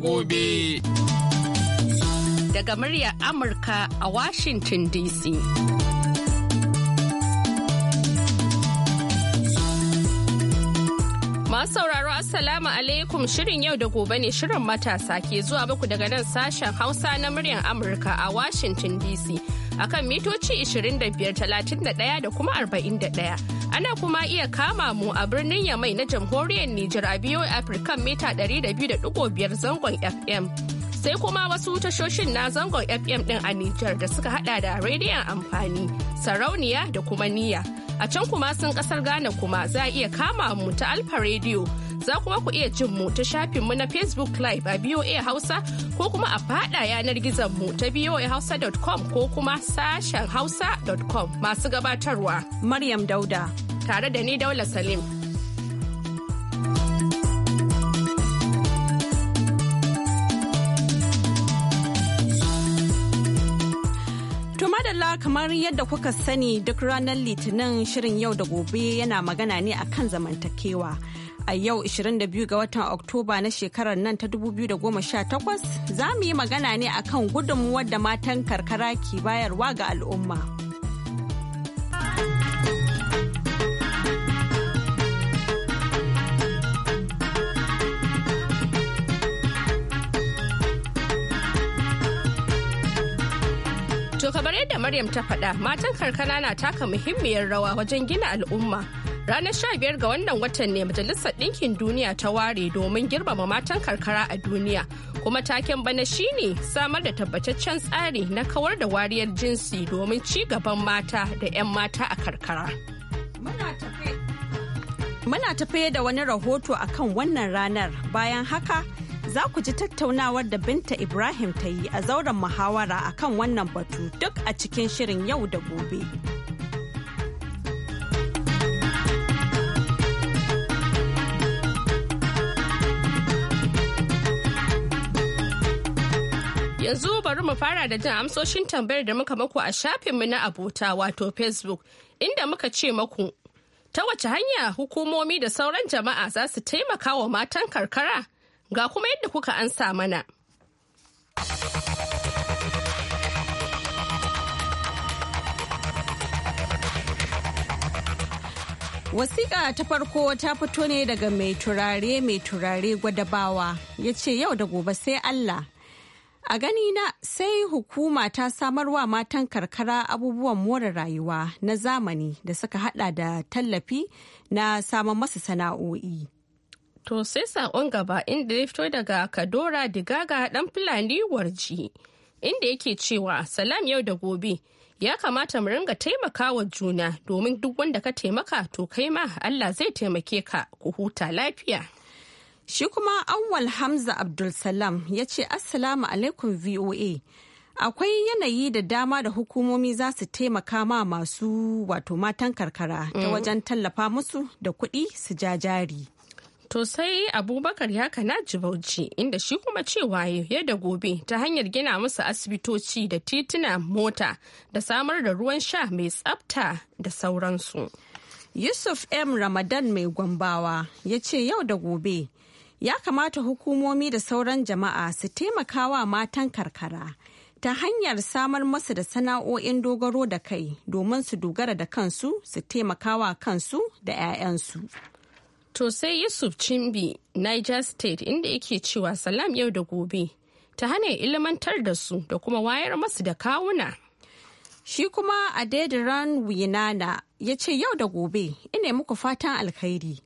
gobe. Daga muryar Amurka a Washington DC. Masu sauraro Assalamu alaikum shirin yau da gobe ne shirin matasa ke zuwa baku daga nan sashen Hausa na muryar Amurka a Washington DC akan mitoci 25, 31 da kuma 41. Ana kuma iya kama mu a birnin Yamai na jamhuriyar Nijar a biyo African mita 200.5 zangon FM. Sai kuma wasu tashoshin na zangon FM din a Nijar da suka hada da rediyon amfani, sarauniya da kuma niyya. A can kuma sun kasar Ghana kuma za a iya kama mu ta Alfa rediyo. Za kuma ku iya jin mu ta shafin mu na Facebook Live a BOA Hausa ko kuma a fada yanar gizon mu ta hausa boahausa.com ko kuma sashen hausa hausa.com masu gabatarwa. Maryam Dauda. Tare da ni Daula Salim. madalla kamar yadda kuka sani duk ranar litinin shirin yau da gobe yana magana ne akan zamantakewa. a yau 22 ga watan Oktoba na shekarar nan ta 2018 za mu yi magana ne a kan gudunmuwar da matan karkara ke bayarwa ga al'umma. To kamar yadda Maryam ta faɗa matan karkara na taka muhimmiyar rawa wajen gina al'umma. Ranar sha 15 ga wannan watan ne Majalisar Ɗinkin Duniya ta ware domin girmama matan karkara a duniya. Kuma taken bana shine samar da tabbataccen tsari na kawar da wariyar jinsi domin ci gaban mata da 'yan mata a karkara. Muna tafe da wani rahoto a kan wannan ranar bayan haka za ku ji tattaunawar da Binta Ibrahim ta yi a zauren muhawara a kan wannan batu duk a cikin shirin yau da gobe. Yanzu bari mu fara da jin amsoshin tambayar da muka maku a shafinmu na abota wato Facebook inda muka ce maku ta wace hanya hukumomi da sauran jama'a za su taimaka wa matan karkara ga kuma yadda kuka ansa mana. Wasiƙa ta farko ta fito ne daga mai turare mai turare gwadabawa ya ce yau da gobe sai Allah A gani na sai hukuma ta samarwa matan karkara abubuwan more rayuwa na zamani da suka hada da tallafi na samun masa sana'o'i. To sai saƙon gaba inda ya fito daga Kadora Digaga ɗan Fulani Warji, inda yake cewa salam yau da gobe ya kamata mu ringa taimakawa juna domin duk wanda ka taimaka to kai ma Allah zai taimake ka ku huta lafiya. Shi kuma Awwal Hamza Abdulsalam ya ce Assalamu alaikum VOA. Akwai yanayi da dama da hukumomi za su taimaka ma masu wato matan karkara ta mm. wajen tallafa musu da kuɗi su ja jari. To sai Abubakar ya kana Bauchi inda shi kuma cewa yadda gobe ta hanyar gina musu asibitoci da tituna mota da samar da ruwan sha mai tsabta da sauransu. Yusuf M. Ramadan mai gwambawa ya ce yau da gobe ya kamata hukumomi da sauran jama'a su taimaka wa matan karkara ta hanyar samar masu da sana'o'in dogaro da kai domin su dogara da kansu su taimaka wa kansu da 'ya'yansu. To sai Yusuf Chimbi, Niger State inda yake cewa salam yau da gobe ta hana ilimantar da su da kuma wayar masu da kawuna. Shi kuma Adediran Winana ya ce yau da gobe ina muku fatan alkhairi.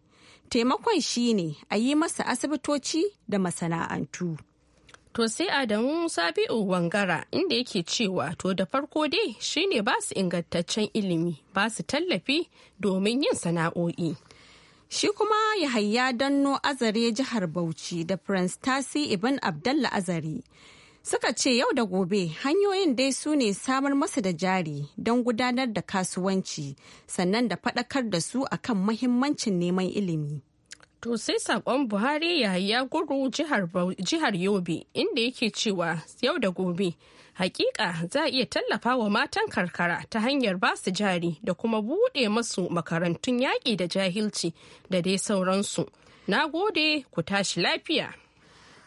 Taimakon shine a yi masa asibitoci da masana'antu. To sai Adamu Sabi'u Wangara inda yake cewa to da farko dai shine ba su ingantaccen ilimi ba su tallafi domin yin sana'o'i. Shi kuma Yahaya Danno Azare jihar Bauchi da Prince Tasi Ibn Abdallah Azare. suka ce yau da gobe hanyoyin dai su ne samar masa da jari don gudanar da kasuwanci sannan da faɗakar da su akan mahimmancin neman ilimi. To sai saƙon Buhari ya ya guru jihar Yobe inda yake cewa yau da gobe hakika za a iya tallafa wa matan karkara ta hanyar ba su jari da kuma buɗe masu makarantun yaƙi da jahilci da dai sauransu. Na gode ku tashi lafiya.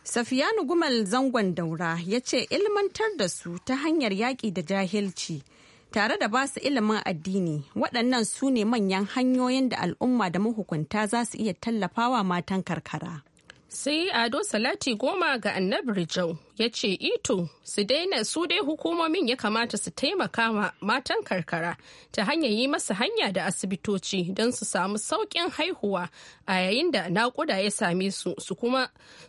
Safiyanu Gumal zangon daura ya ce ilmantar da su ta hanyar yaƙi da jahilci tare da basu ilimin addini waɗannan su ne manyan hanyoyin da al'umma da mahukunta za su iya tallafawa matan karkara. sai ado salati goma ga annabi rijau ya ce ito su daina su dai hukumomin ya kamata su taimaka ma matan karkara ta hanyar yi masa hanya da asibitoci don su samu sauƙin haihuwa a yayin da naƙuda ya same su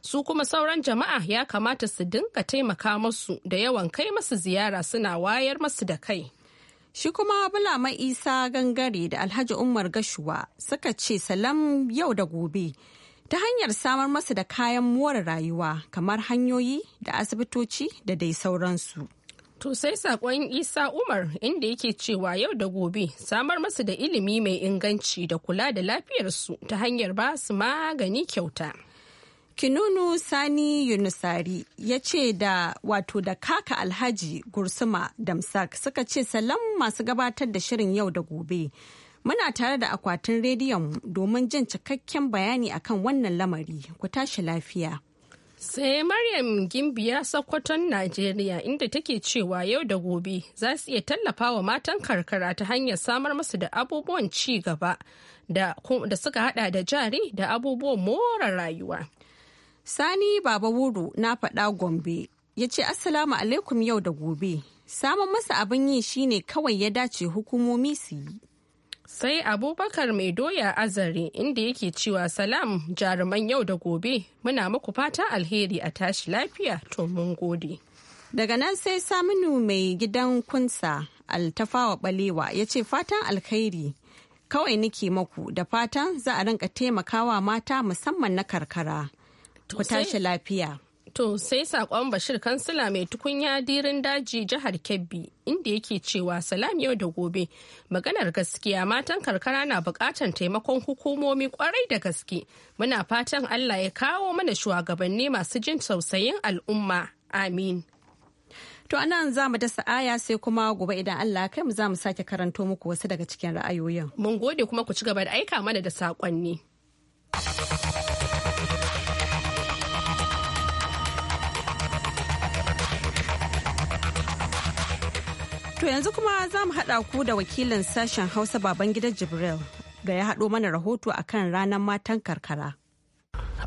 su kuma sauran jama'a ya kamata su dinka taimaka masu da yawan kai masu ziyara suna wayar masu da kai Shi kuma Bulama Isa gangare da Alhaji Umar Gashuwa suka ce salam yau da gobe ta hanyar samar masa da kayan more rayuwa kamar hanyoyi da asibitoci da dai sauransu. To sai saƙon Isa Umar inda yake cewa yau da gobe samar masu da ilimi mai inganci da kula da lafiyarsu ta hanyar ba su magani kyauta. Kinunu Sani Yunusari ya ce da wato da kaka Alhaji Gursuma Damsak suka ce salam masu gabatar da shirin yau da gobe. Muna tare da akwatin rediyon domin jin cikakken bayani akan wannan lamari. Ku tashi lafiya. Sai Maryam Gimbiya Sokoton Najeriya inda take cewa yau da gobe za su iya tallafa wa matan karkara ta hanyar samar musu da abubuwan ci gaba da suka hada da jari da abubuwan more rayuwa. Sani Baba Wuru na faɗa Gombe ya ce Assalamu alaikum yau da gobe. Samun masa abin yi shine kawai ya dace hukumomi su yi. sai abubakar mai doya azare inda yake cewa salam jaruman yau da gobe muna muku fatan alheri a tashi lafiya to mun gode daga nan sai saminu mai gidan kunsa altafawa balewa ya ce fatan alheri kawai nike maku da fatan za a rinka taimakawa mata musamman na karkara ku tashi lafiya To sai sakon Bashir kansila mai tukunya dirin daji jihar Kebbi inda yake cewa salam yau da gobe maganar gaskiya matan karkara na bukatan taimakon hukumomi kwarai da gaske muna fatan Allah ya kawo mana shugabanni masu jin tausayin al'umma amin. To anan za mu dasa aya sai kuma gobe idan Allah kai mu za mu sake karanto muku wasu daga cikin ra'ayoyin. Mun gode kuma ku ci gaba da aika mana da saƙonni. To yanzu kuma za mu haɗa ku da wakilin sashen Hausa Babangida Jibril da ya haɗo mana rahoto akan ranar matan karkara.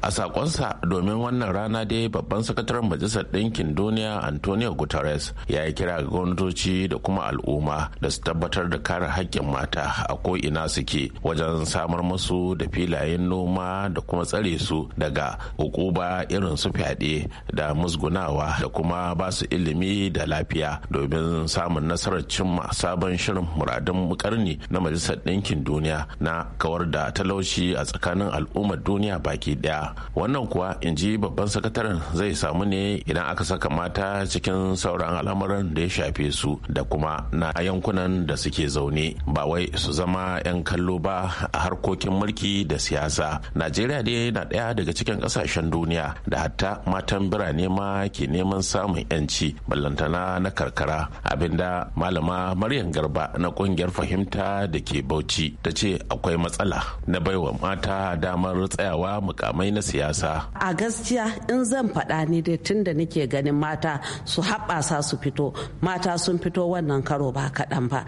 a sakonsa domin wannan rana dai babban sakataren majalisar ɗinkin duniya antonio guterres ya yi kira ga gwamnatoci da kuma al'umma da su tabbatar da kare haƙƙin mata a ko'ina suke wajen samar musu da filayen noma da kuma tsare su daga hukuba irin su fyaɗe da musgunawa da kuma ba su ilimi da lafiya domin samun nasarar cimma sabon shirin muradun karni na majalisar ɗinkin duniya na kawar da talauci a tsakanin al'ummar duniya baki ɗaya wannan kuwa in ji babban sakataren zai samu ne idan aka saka mata cikin sauran al'amuran da ya shafe su da kuma na yankunan da suke zaune ba wai su zama 'yan kallo ba a harkokin mulki da siyasa najeriya dai na ɗaya daga cikin ƙasashen duniya da hatta matan birane ma ke neman samun 'yanci ballantana na karkara abinda malama maryam garba na ƙungiyar fahimta da ke bauchi ta ce akwai matsala na baiwa mata damar tsayawa mukamai na na siyasa a gaskiya in zan faɗa ni dai tun da nake ganin mata su haɓasa su fito mata sun fito wannan karo ba kaɗan ba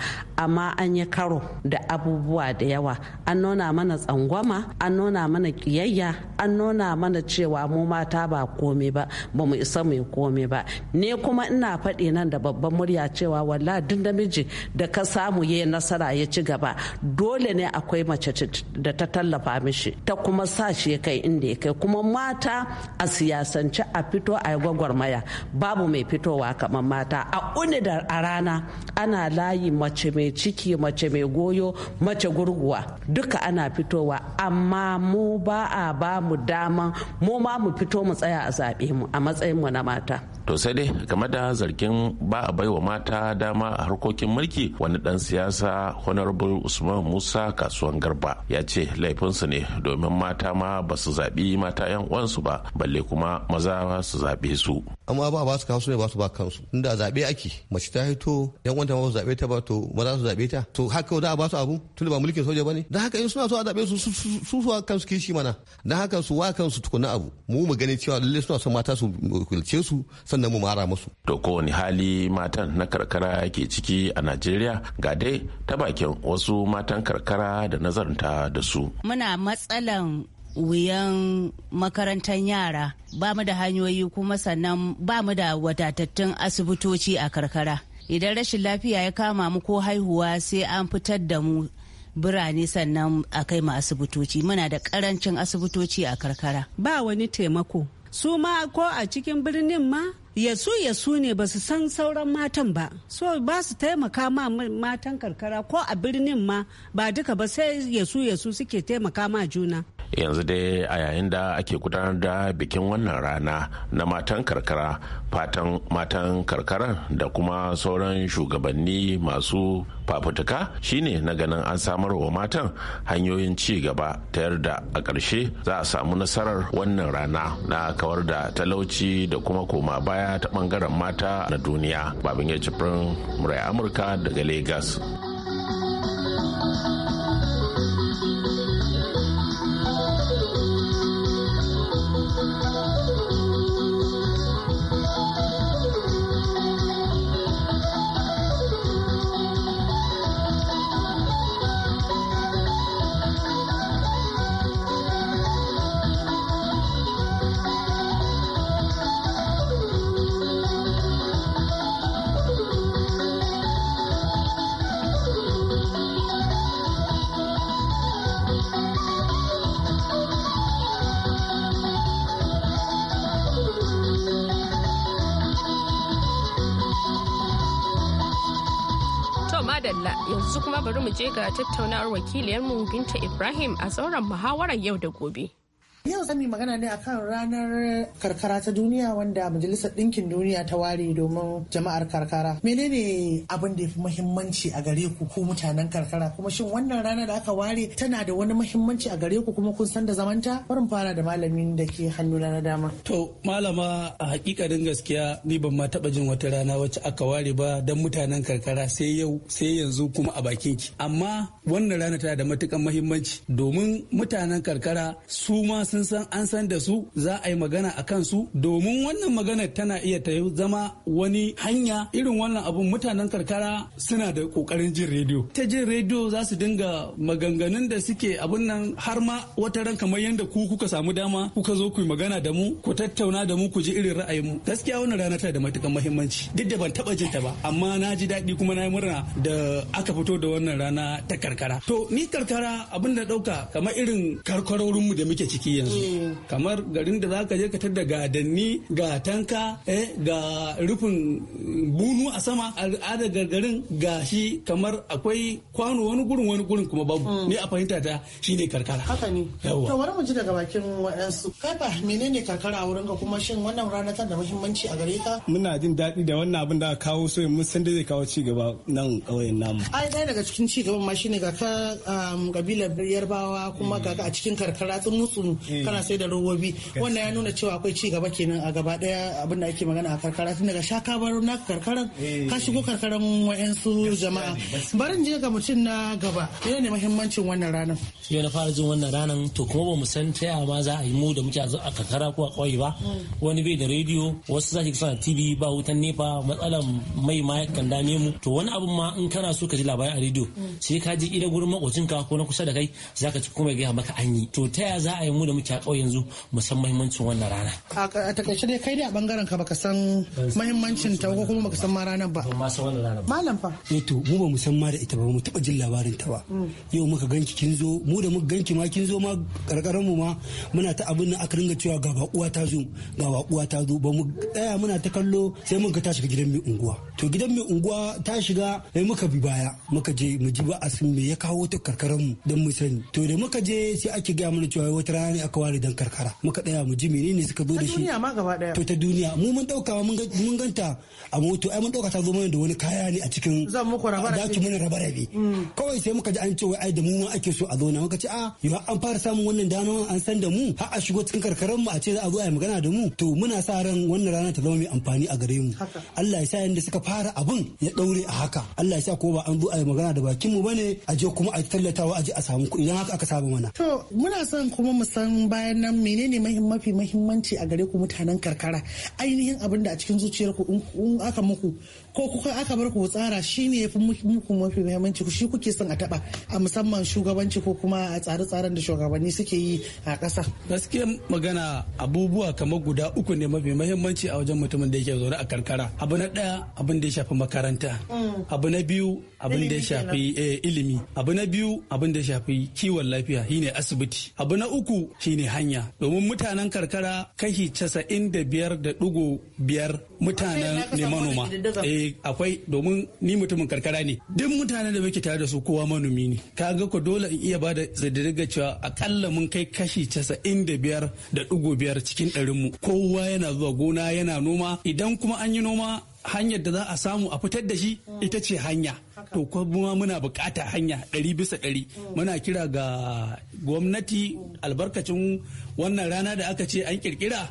amma an yi karo da abubuwa da yawa an nuna mana tsangwama an nuna mana ƙiyayya an nuna mana cewa mu mata ba komai ba ba mu isa mu komai ba ne kuma ina faɗi nan da babban murya cewa walla duk namiji da ka samu ya nasara ya ci gaba dole ne akwai mace da ta tallafa mishi ta kuma sa shi kai inda ya kai kuma mata a siyasance a fito a gwagwarmaya babu mai fitowa kamar mata a uni a rana ana layi mace mai ciki mace mai goyo mace gurguwa duka ana fitowa amma mu ba a ba mu dama mu ma mu fito mu tsaya a zaɓe mu a matsayin mu na mata to sai dai game da zargin ba a baiwa mata dama a harkokin mulki wani dan siyasa honorable usman musa kasuwan garba ya ce laifinsu ne domin mata ma ba su zaɓi mata yan uwansu ba balle kuma maza su zaɓe su amma ba ba su kansu ne ba su ba kansu inda zaɓe ake mace ta hito yan uwanta ma ba su zaɓe ta ba to maza su zaɓe ta to haka za a ba su abu tun ba mulkin soja ba ne dan haka in suna so a zaɓe su su su kansu kishi mana dan haka su wa kansu tukuna abu mu mu gani cewa lalle suna son mata su kulce su san sannan mu mara musu. To kowane hali matan na karkara ke ciki a Najeriya ga dai ta bakin wasu matan karkara da nazarta da su. Muna matsalan wuyan makarantar yara ba mu da hanyoyi kuma sannan ba mu da wadatattun asibitoci a karkara. Idan rashin lafiya ya kama mu ko haihuwa sai an fitar da mu birane sannan a kai mu asibitoci muna da karancin asibitoci a karkara. Ba wani taimako su ma ko a cikin birnin ma yasu yasu ne ba su san sauran matan ba so ba su taimaka ma matan karkara ko a birnin ma ba duka ba sai yasu yasu suke taimaka ma juna yanzu dai a yayin da ake gudanar da bikin wannan rana na matan karkara fatan matan karkara da kuma sauran shugabanni masu fafutuka shine na ganin an samar wa matan hanyoyin ci gaba ta yarda a ƙarshe za a samu nasarar wannan rana na kawar da talauci da kuma koma baya ta ɓangaren mata na duniya babin ya murai amurka daga lagos madalla yanzu kuma bari mu je ga tattaunawar wakiliyarmu Binta Ibrahim a sauran muhawarar yau da gobe. Yau zan yi magana ne akan ranar karkara ta duniya wanda Majalisar Ɗinkin Duniya ta ware domin jama'ar karkara. Menene abin da ya fi muhimmanci a gare ku ku mutanen karkara kuma shin wannan ranar da aka ware tana da wani muhimmanci a gare ku kuma kun san da zamanta? Barin fara da malamin da ke hannu na dama. To malama a hakikarin gaskiya ni ban ma taba jin wata rana wacce aka ware ba don mutanen karkara sai yau sai yanzu kuma a bakin ki. Amma wannan rana tana da matukan muhimmanci domin mutanen karkara su ma sun san an san da su za a yi magana a kansu domin wannan magana tana iya ta zama wani hanya irin wannan abun mutanen karkara suna da kokarin jin rediyo ta jin rediyo za su dinga maganganun da suke abun nan har ma wata ran kamar yadda ku kuka samu dama kuka zo ku yi magana da mu ku tattauna da mu ku ji irin ra'ayin mu gaskiya wannan rana tana da matukan muhimmanci duk da ban taba jin ta ba amma na ji daɗi kuma na yi murna da aka fito da wannan rana ta karkara to ni karkara abin da ɗauka kamar irin karkarorinmu da muke ciki yanzu eh. kamar garin da zaka je ka tada gadanni ga tanka eh ga rufin bunu a sama al'adar gargarin gashi kamar akwai kwano wani gurin wani gurin kuma babu hmm. ne a fahimta ta shine karkara haka ne to wani mu ji daga bakin waɗansu kafa menene karkara a wurin ka kuma shin wannan rana tana da muhimmanci a gare ka muna jin daɗi da wannan abin da aka kawo so mun san da zai kawo ci gaba nan ƙauyen namu ai dai daga cikin ci gaban ma shine ga ka kabilar um, yarbawa kuma ga a cikin karkara tsun kana sai da robobi wannan ya nuna cewa akwai ci gaba kenan a gaba daya abin da ake magana a karkara tun daga shaka baro na karkaran ka shigo karkaran wayansu jama'a barin je ga mutum na gaba yana ne muhimmancin wannan ranar yau na fara jin wannan ranar to kuma ba mu san ta yaya ma za a yi mu da muke a karkara ko a ƙauye ba hmm. wani bai da rediyo wasu za ki suna tv ba wutan nefa matsalan mai ma kan dame mu to wani abun ma in kana so ka ji labarai a rediyo hmm. sai ka je ida gurin makocinka ko na kusa da kai za ka ci kuma ya gaya maka an yi to ta yaya za a yi mu da muke kawai yanzu mu san muhimmancin wannan rana a takaice dai kai dai a bangaren ka baka san muhimmancin ta ko kuma baka san ma ranar ba ma san wannan ranar malam fa eh to mu ba mu san ma da ita ba mu taba jin labarin ta ba hmm. yau muka ganki kin zo mu da muka ganki ma kin zo ma karkaran mu ma muna ta abin nan aka ringa cewa ga uwa ta zo ga uwa ta zo ba mu tsaya muna ta kallo sai mun ga ta shiga gidan mai unguwa to gidan mai unguwa ta shiga sai muka bi baya muka je mu ji ba asin me ya kawo ta karkaran mu don mu sani to da muka je sai ake ga mana cewa wata rana ne. aka ware dan karkara muka tsaya mu ji menene suka zo da shi to ta duniya mu mun dauka mun ganta a moto ai mun dauka ta zo mana da wani kaya ne a cikin zan muku rabara ki mun rabara mm. kawai sai muka ji an ce wai ai da mu ma ake so a zo na muka ce a ah, yau an fara samun wannan dama an san da mu har a shigo cikin karkaran mu a ce za a zo a magana da mu to muna sa ran wannan rana ta zama mai amfani a gare mu Allah ya sa yanda suka fara abun ya daure a haka Allah ya sa ko ba an zo a yi magana da bakin mu bane a je kuma a tallatawa a je a samu kuɗi idan haka aka saba mana to muna son kuma mu san bayan nan menene mafi mahimmanci a gare ku mutanen karkara ainihin abin da a cikin zuciyar ku in aka muku ko kuka aka bar ku tsara shine yafi muku mafi mahimmanci ku shi kuke son a taba a musamman shugabanci ko kuma a tsare-tsaren da shugabanni suke yi a ƙasa gaskiya magana abubuwa kamar guda uku ne mafi mahimmanci a wajen mutumin da yake zaune a karkara abu na ɗaya abin da ya shafi makaranta mm. abu na biyu abin da ya shafi eh, ilimi abu na biyu abin da ya shafi kiwon lafiya shine asibiti abu na uku shi shine hanya domin mutanen karkara kashi casa'in da biyar da ɗugo biyar mutanen ne manoma eh akwai domin ni mutumin karkara ne duk mutanen da muke tare da su kowa manomi ne ka ga ko dole in iya bada zididdiga cewa akalla mun kai kashi casa'in da biyar da ɗugo biyar cikin ɗarin mu kowa yana zuwa gona yana noma idan kuma an yi noma hanyar da za a samu a fitar da shi ita ce hanya to kuma muna bukata hanya ɗari bisa ɗari muna kira ga gwamnati albarkacin wannan rana da aka ce an kirkira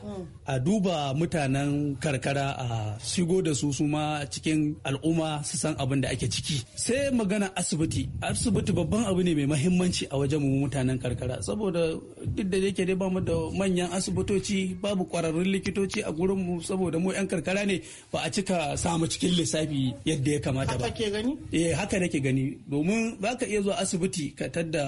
a duba mutanen karkara a shigo da su suma cikin al'umma su san abin da ake ciki sai magana asibiti asibiti babban abu ne mai mahimmanci a wajen mu mutanen karkara saboda duk da yake dai bamu da manyan asibitoci babu kwararrun likitoci a gurin mu saboda mu yan karkara ne ba a cika samu cikin lissafi yadda ya kamata ba haka ke eh, nake gani domin zaka iya zuwa asibiti ka tadda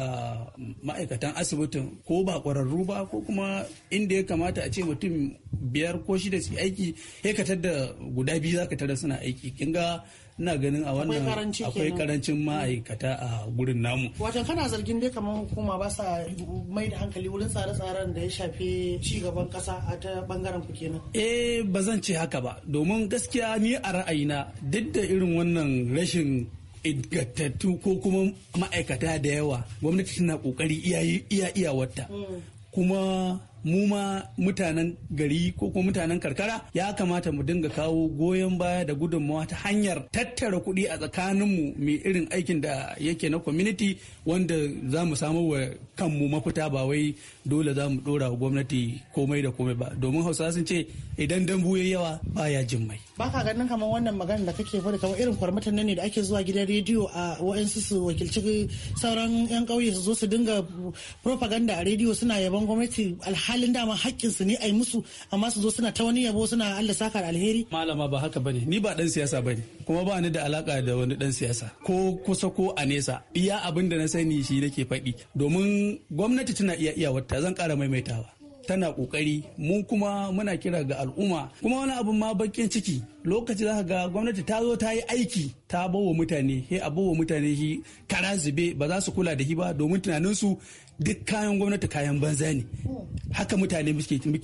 ma'aikata ma'aikatan asibitin ko ba ƙwararru ba ko kuma inda ya kamata a ce mutum biyar ko shida su aiki ya da guda biyu za ka tara suna aiki kin ga ina ganin a wannan akwai karancin ma'aikata a gurin namu wato kana zargin dai kamar hukuma ba sa mai da hankali wurin tsare-tsaren da ya shafi ci gaban kasa a ta bangaren ku kenan eh ba zan ce haka ba domin gaskiya ni a ra'ayina duk da irin wannan rashin ingantattu ko kuma ma'aikata da yawa gwamnati tana kokari iya iyawarta mm. kuma mu ma mutanen gari ko kuma mutanen karkara ya kamata mu dinga kawo goyon baya da gudunmawa ta hanyar tattara kuɗi a tsakaninmu mai irin aikin da yake na community wanda za mu samu wa kanmu mafita ba wai dole za mu ɗora wa gwamnati komai da komai ba domin hausa sun ce idan dambu ya yawa baya jin mai. ba ka ganin kamar wannan magana da kake fada kamar irin kwarmatan ne da ake zuwa gidan rediyo a wa'ansu su wakilci sauran 'yan kauye su zo su dinga propaganda a rediyo suna yaban gwamnati alhamdulillah halin dama haƙƙinsu ne a yi musu amma su zo suna ta wani yabo suna Allah saka alheri. Malama ba haka bane ni ba dan siyasa bane kuma ba ni da alaka da wani dan siyasa ko kusa ko a nesa iya abin da na sani shi nake faɗi domin gwamnati tana iya iya wata zan kara maimaitawa tana kokari mu kuma muna kira ga al'umma kuma wani abu ma bakin ciki lokaci za ga gwamnati ta zo ta yi aiki ta bawa mutane he a bawa mutane shi kara zube ba za su kula da shi ba domin tunanin su duk kayan gwamnati kayan banza ne haka mutane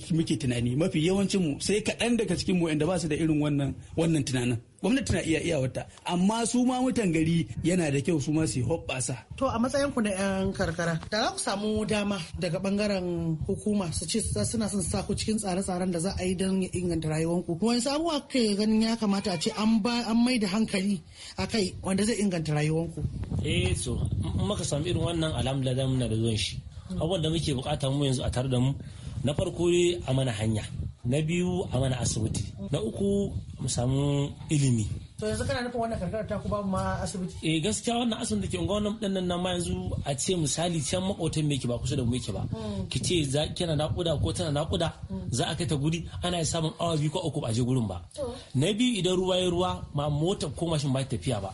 muke tunani mafi yawancin mu sai kaɗan daga cikin mu inda ba su da irin wannan wannan tunanin gwamnati na iya iyawarta amma su ma mutan gari yana da kyau su ma su hoɓɓasa. to a matsayin ku na yan karkara da za ku samu dama daga bangaren hukuma su ce suna son sa ku cikin tsare-tsaren da za a yi don inganta rayuwar wani sabuwa kai ganin ya kamata a ce an ba an mai da hankali a kai wanda zai inganta rayuwar ku. eh so maka samu irin wannan alhamdulillah muna da zuwan shi abubuwan da muke bukatar mu yanzu a tare da mu na farko a mana hanya na biyu a mana asibiti na uku mu samu ilimi to yanzu kana nufin wannan karkar ta ku babu ma asibiti eh gaskiya wannan asibiti da ke unga wani dinnan nan ma yanzu a ce misali can makotan me ke ba kusa da mu yake ba hmm. ki ce za kina naƙuda ko tana naƙuda? Hmm. za a kai ta guri ana samun awa biyu ko uku a je gurin ba na biyu idan ruwa ya ruwa ma mota ko mashin ba tafiya ba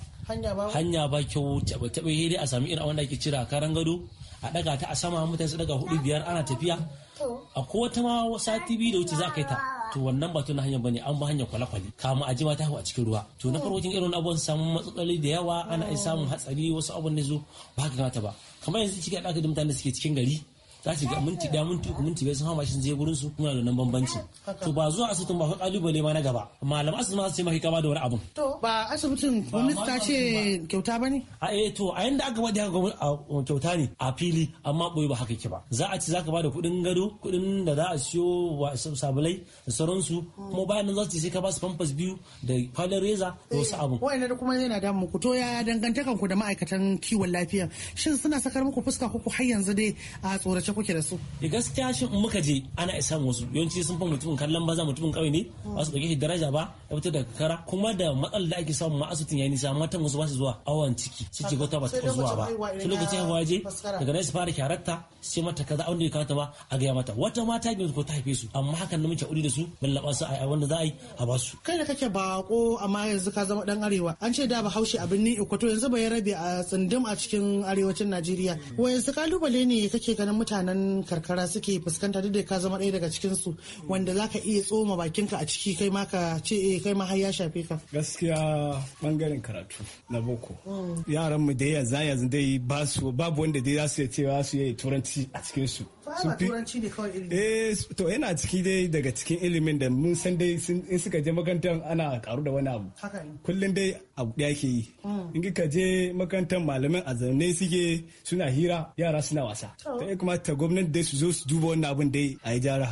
hanya ba kyau taɓa taɓa a sami irin wanda ake cira karan gado a daga ta a sama mutane su daga hudu biyar ana tafiya ko wata ma sati biyu da wuce za ka yi ta to wannan ba tuna hanyar bane an ba hanyar kwale-kwale kama a jima ta a cikin ruwa to na farko irin abubuwan samun matsaloli da yawa ana iya samun hatsari wasu abun da zo ba ka gata ba kamar yanzu cikin ɗaka da mutane suke cikin gari za ki ga minti ɗaya minti uku minti biyar sun hama shi zai gurin su kuma da nan bambancin to ba zuwa asibitin ba kalubale ma na gaba malam asibiti ma sai ce ma kama da wani abu. to ba asibitin minista ta ce kyauta ba ne a eh to a yanda aka wadi haka um, kyauta ne a fili amma boye ba haka ke ba za a ci za ka ba da kuɗin gado kuɗin da za a siyo sabulai da sauransu kuma bayan nan za su sai ka ba su pampers biyu da falon reza da wasu eh, abun wa'annan da kuma yana da ku to ya dangantakan ku da ma'aikatan kiwon lafiya shin suna sakar muku fuska ko ku har yanzu dai a tsorace kuke da su eh, gaskiya shi in muka je ana isa wasu yawanci sun fa mutumin kallon banza mutumin kauye ne ba su dauke shi daraja ba ya fita da kara kuma da matsalar da ake samu ma asibitin yayin nisa matan wasu ba su zuwa awon ciki su ce gwata ba su zuwa ba su lokacin haihuwa je daga nan su fara kyararta su ce mata kaza da ya kamata ba a gaya mata wata mata ne ko ta haife su amma hakan na muke aure da su laɓa su a wanda za a yi a ba su kai da kake bako amma yanzu ka zama dan arewa an ce da bahaushe abin ni ikwato yanzu bai rabe a tsindum a cikin arewacin Najeriya wayansu kalubale ne kake ganin mutane mutanen karkara suke fuskanta duk da ka zama ɗaya daga cikinsu wanda za ka iya tsoma bakinka a ciki kai ma ka ce eh kai ma har ya shafe ka gaskiya bangaren karatu na boko mm. yaran mu da yanzu yanzu dai ba su babu wanda dai za su iya cewa su yi turanci a cikin su sun fi eh to yana ciki dai daga cikin ilimin da mun san dai in suka je makarantar ana karu da wani abu kullum dai abu da yake yi mm. in ka je makarantar malaman a zaune suke suna hira yara suna wasa ta kuma ta gwamnati dai su zo su duba wannan abin dai a yi jara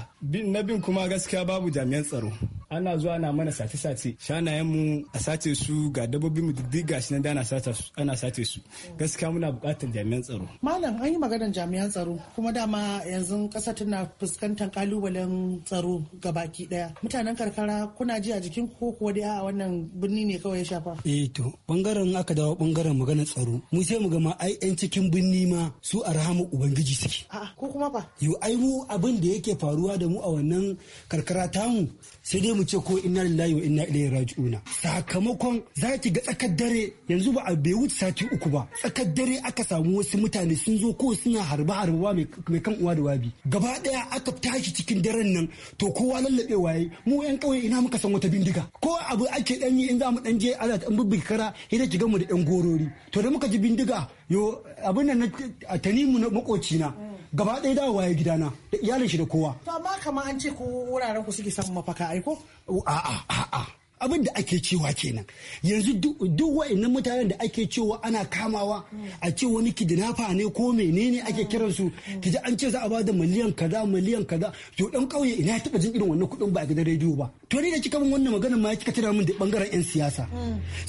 na bin kuma gaskiya babu jami'an tsaro ana zuwa ana mana sace-sace shanayen mu a sace su ga dabbobin mu duk gashi nan da ana sace su gaskiya muna bukatar jami'an tsaro malam an yi maganar jami'an tsaro kuma dama yanzu ƙasa tana fuskantar kalubalen tsaro ga baki daya mutanen karkara kuna ji a jikin ko kuwa dai a wannan birni ne kawai ya shafa eh to bangaren aka dawo bangaren maganar tsaro mu sai mu ga ma ai yan cikin birni ma su a rahama ubangiji suke a'a ko kuma ba yo ai mu abin da yake faruwa da mu a wannan karkara tamu sai dai mu mu ce ko inna lillahi wa inna ilaihi raji'una sakamakon zaki ga tsakar dare yanzu ba a bai sati uku ba tsakar dare aka samu wasu mutane sun zo ko suna harba harba mai kan uwa da wabi gaba daya aka tashi cikin daren nan to kowa lallabe waye mu yan kauye ina muka san wata bindiga ko abu ake dan yi in za mu dan je ala dan bibbikara sai ki ga mu da yan gorori to da muka ji bindiga yo abin nan a tani tanimu na makocina gaba ɗaya dawowa ya gidana da iyalin shi da kowa to amma kamar an ce ko wuraren ku suke samun mafaka aiko a'a a'a abin da ake cewa kenan yanzu duk wa'annan mutanen da ake cewa ana kamawa a ce wani kidnapper ne ko menene ake kiran su kiji an ce za a bada miliyan kaza miliyan kaza to dan kauye ina taba jin irin wannan kudin ba a gidan rediyo ba to ni da kika bin wannan maganar ma kika tana min da bangaren yan siyasa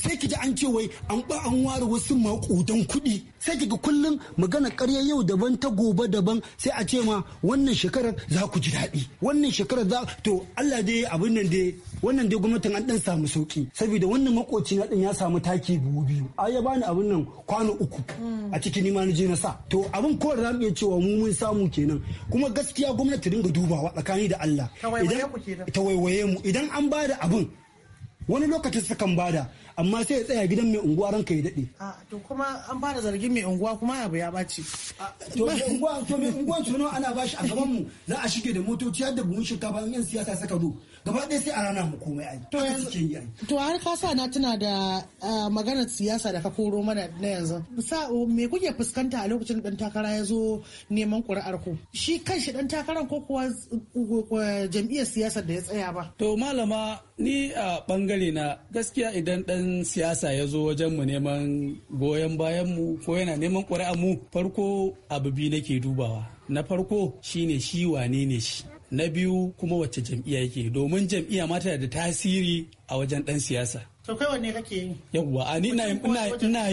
sai kiji an ce wai an ba an ware wasu makudan kuɗi sai kiga kullum magana ƙarya yau daban ta gobe daban sai a ce ma wannan shekarar za ku ji daɗi wannan shekarar za to Allah dai abin nan dai wannan dai gwamnatin an dan samu sauki saboda wannan makoci na din ya samu taki buhu biyu a ya bani abin nan kwano uku a cikin nima na je na sa to abin kowar za mu iya cewa mu mun samu kenan kuma gaskiya gwamnati dinga dubawa tsakani da Allah ta waiwaye mu idan an bada abin wani lokacin sukan bada amma sai ya tsaya gidan mai unguwa ranka ya daɗe. to kuma an fara zargin mai unguwa kuma abu ya ɓaci. to mai unguwa to mai unguwa tuno ana bashi a gaban mu za a shige da motoci har da buhun shinkafa yan siyasa saka zo gaba ɗaya sai a rana mu komai ai. to yanzu to har ka sa na tuna da maganar siyasa da ka koro mana na yanzu. sa me kuke fuskanta a lokacin dan takara ya zo neman ƙuri'ar ku shi kanshi dan takaran ko kuwa jam'iyyar siyasar da ya tsaya ba. to malama ni a bangare na gaskiya idan dan ɗan siyasa ya zo wajen mu neman goyon bayan mu ko yana neman ƙuri'a mu farko abu biyu nake dubawa na farko shine shi wane ne shi na biyu kuma wacce jam'iyya yake domin jam'iyya mata da tasiri a wajen ɗan siyasa to kai wanne kake yi yawwa a ni ina yin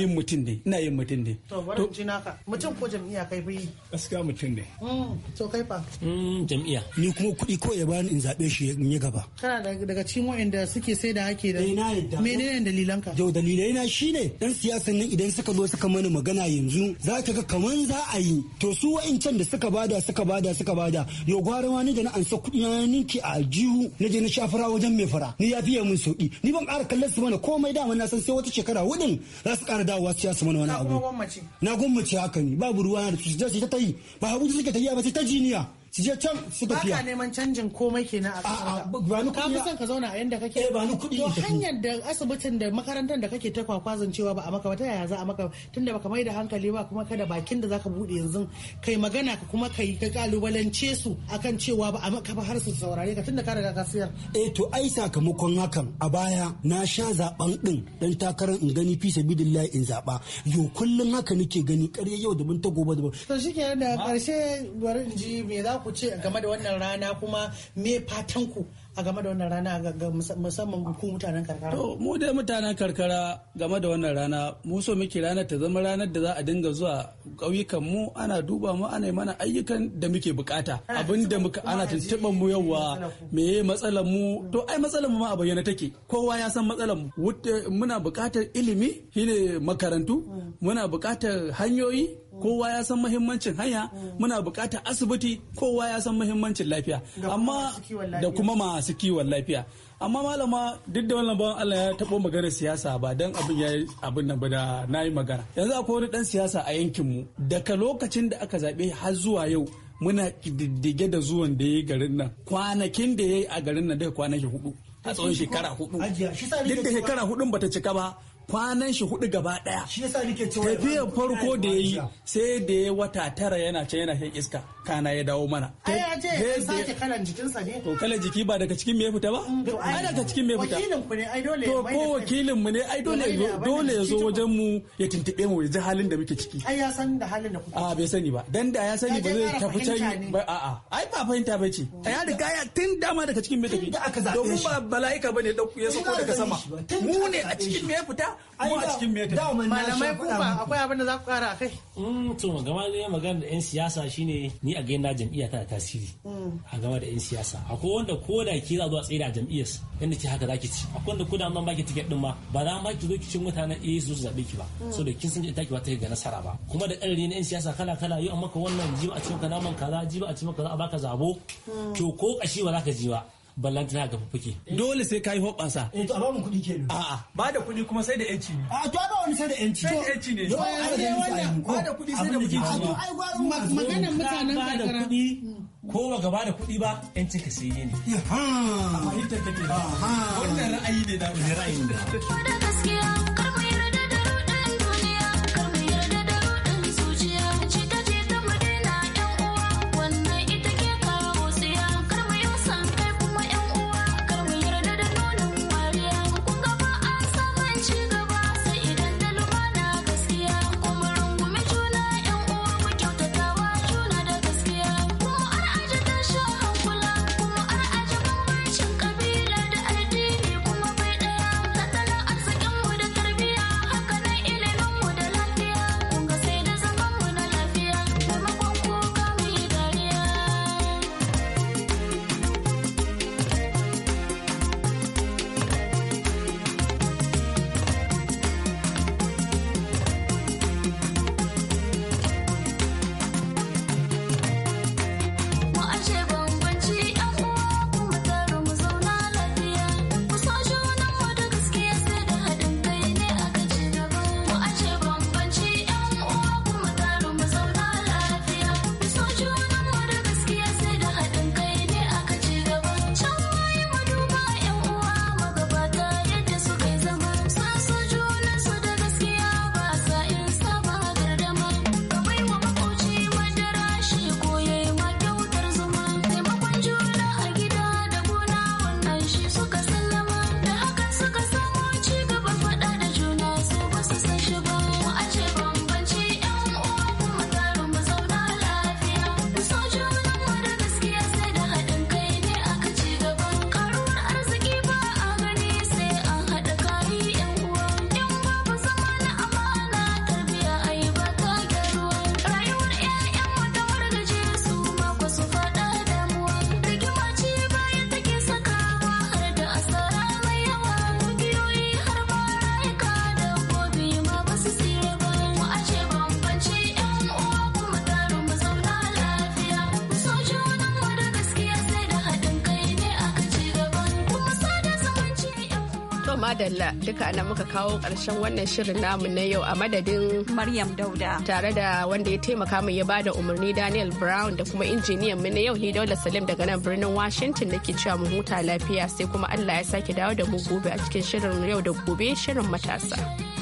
mutum ne ina yin mutum ne to bari ji naka mutum ko jam'iyya kai yi. gaskiya mutum ne mm, to kai fa mm, jam'iyya ni kuma kuɗi ko ya bani in zaɓe shi in yi gaba kana daga cikin wa'anda suke sai da hake da eh, menene dalilanka yau dalilai na shine dan siyasan nan idan suka zo suka mana magana yanzu za ka ga kaman za a yi to su can da suka bada suka bada suka bada yo gwara ma ni da na ansa kuɗi na ninki a aljihu na je na shafara wajen mai fara ni ya fiye min sauƙi. ni ban ƙara kallon su mana komai dama na san sai wata shekara hudun za su kara dawowa su su mana wani abu na gwammace haka ne babu ruwa da su ta yi ba abu da suke ta yi ba sai ta jiniya su je can su tafiya ba ka neman canjin komai kenan a kasar ba ni kuɗi ka son ka zauna a yanda kake eh ba ni kuɗi to hanyar da asibitin da makarantar da kake ta kwakwazan cewa ba a maka ba ta yaya za a maka tunda baka mai da hankali ba kuma kada bakin da zaka bude yanzu kai magana ka kuma kai ka kalubalance su akan cewa ba a maka ba har su saurare ka tunda ka riga ka siyar eh to ai sakamakon hakan a baya na sha zaben din dan takarar in gani fi sabilillahi in zaba yo kullum haka nake gani ƙarya yau da mun ta gobe da to shikenan da karshe bari in ji me za ku ce game da wannan rana kuma me fatan ku a game da wannan rana ga musamman ku mutanen karkara to mu dai mutanen karkara game da wannan rana mu so muke ranar ta zama ranar da za a dinga zuwa ƙauyukan mu ana duba mu ana yi mana ayyukan da muke bukata abin da muka ana tuntuɓan mu yawa meye matsalar mu to ai matsalar mu ma a bayyana take kowa ya san matsalar mu eh, muna bukatar ilimi shine makarantu mm. muna bukatar hanyoyi kowa ya san mahimmancin hanya muna buƙatar asibiti kowa ya san mahimmancin lafiya amma da kuma masu kiwon lafiya amma malama duk da wannan bawan Allah ya taɓo magana siyasa ba dan abin ya abin nan ba da nayi magana yanzu akwai wani dan siyasa a yankin mu daga lokacin da aka zaɓe har zuwa yau muna diddige da zuwan da ya yi garin nan kwanakin da ya yi a garin nan daga kwanaki hudu a tsawon shekara hudu duk da shekara hudun bata cika ba kwanan shi hudu gaba daya tafiyan farko da ya yi sai da ya wata tara yana can yana shan iska kana ya dawo mana. Ai ya ce ya sake kalan jikinsa ne. To kalan jiki ba daga cikin me ya fita ba? Mm, ai daga cikin me ya fita. Wakilin ku ne ai dole. To ko wakilin mu ne ai dole dole ya zo wajen mu ya tuntube mu ya ji halin da muke ciki. Ai ya san da halin da kuke. A ah, bai sani ba. Dan da ya sani ba zai tafi can ba a'a. Ai ba fahimta ba ce. Mm. Ya riga ya tun dama daga cikin me fita. Domin ba bala'ika bane dauku ya sako daga sama. Mu ne a cikin me ya fita a cikin me ta malamai kuma akwai abin da za ku kara akai mm to gama da magana da yan siyasa shine ni a gaina jam'iyya ta tasiri mm. a game da yan siyasa akwai wanda ko da ke za zuwa tsaye da jam'iyyar yanda ke haka zaki ci akwai wanda ko da an baki tiket din ma ba za ma ki zo ki cin mutanen eh su zabe ki ba mm. so da kin san ita ki ba ta ga nasara ba kuma da ƙarari na yan siyasa kala kala yau an maka wannan jiba a cikin ka naman kaza jiba a cikin kaza a baka zabo mm. to ko kashi ba za ka ji ba ballantana ga fuke. Eh. Dole sai kai yi hoɓasa. Eh to a bamu kuɗi kenan. A'a. Ba da kuɗi kuma sai da yanci ne. A to ba wani sai da yanci. Sai da yanci ne. ba da kuɗi sai da mutunci. A to ai gwaro maganar mutanen karkara. Ba da kuɗi ko ba gaba da kuɗi ba yanci ka sai ne. Ha. A fahimtar kake. Ha. Wannan ra'ayi ne da ra'ayin da. Allah duka nan muka kawo ƙarshen wannan shirin namu na yau a madadin Maryam Dauda tare da wanda ya taimaka min ya bada umarni Daniel Brown da kuma injiniyan mu na yau Hidaula Salim daga nan birnin Washington da ke cewa mu huta lafiya sai kuma Allah ya sake dawo da mu gobe a cikin shirin yau da gobe shirin matasa.